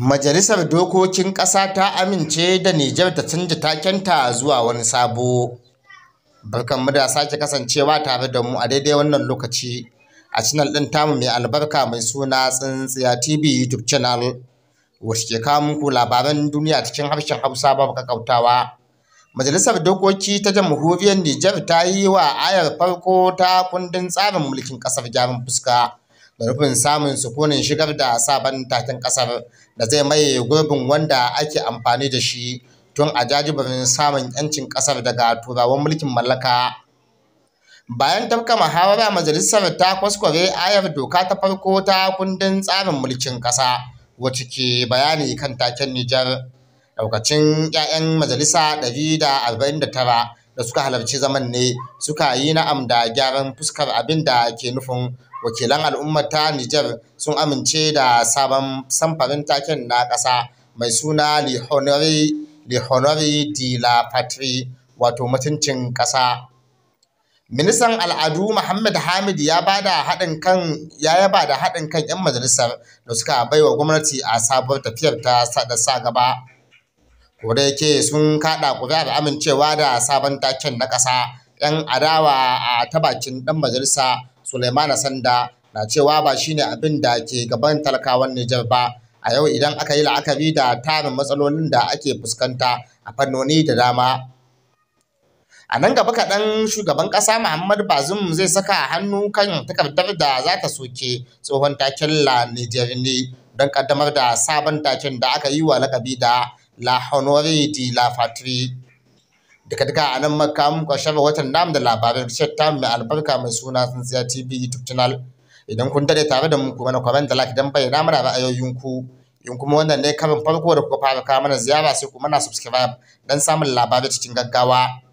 Majalisar Dokokin Ƙasa ta amince da Nijar ta canja takenta zuwa wani sabo. Barkanmu da sake kasancewa tare da mu a daidai wannan lokaci a canal ɗin tamu mai albarka mai suna Tsintsiya TV YouTube channel wacce ke kawo muku labaran duniya cikin harshen Hausa babu kakautawa. Majalisar Dokoki ta Jamhuriyar Nijar ta yi wa ayar farko ta kundin tsarin mulkin ƙasar gyaran fuska. da rufin samun sukunin shigar da sabon takin ƙasar da zai maye gurbin wanda ake amfani da shi tun a jajibirin samun 'yancin ƙasar daga turawan mulkin mallaka. Bayan tafka muhawara majalisar ta kwaskware ayar doka ta farko ta kundin tsarin mulkin ƙasa wacce ke bayani kan taken Nijar. Daukacin 'ya'yan majalisa 149 da suka halarci zaman ne suka yi na'am da gyaran fuskar abin da ke nufin wakilan al'ummar ta Nijar sun amince da sabon samfarin taken na ƙasa mai suna Lihonori di la Patrie wato mutuncin ƙasa. Ministan al'adu Muhammad Hamid ya da haɗin kan ya yaba da haɗin kan 'yan majalisar da suka baiwa gwamnati a sabuwar tafiyar ta da sa gaba. da yake sun kada kuri'a da amincewa da sabon taken na ƙasa yan adawa a ta bakin dan majalisa Suleimana Sanda na cewa ba shine abin da ke gaban talakawan Nijar ba a yau idan aka yi la'akari da tarin matsalolin da ake fuskanta a fannoni da dama a nan gaba kaɗan shugaban ƙasa Muhammad Bazum zai saka hannu kan takardar da za ta soke tsohon taken la Nijar ne don ƙaddamar da sabon taken da aka yi wa lakabi da la honore di la fatri daga daga a nan maka muka shafa watan nam da labarin shek ta mai albarka mai suna sunsiya tv youtube channel idan kun dade tare da mu ku na comment da like dan bayyana mana ra'ayoyinku in kuma wannan ne karin farko da kuka fara kawo mana ziyara sai kuma na subscribe dan samun labarai cikin gaggawa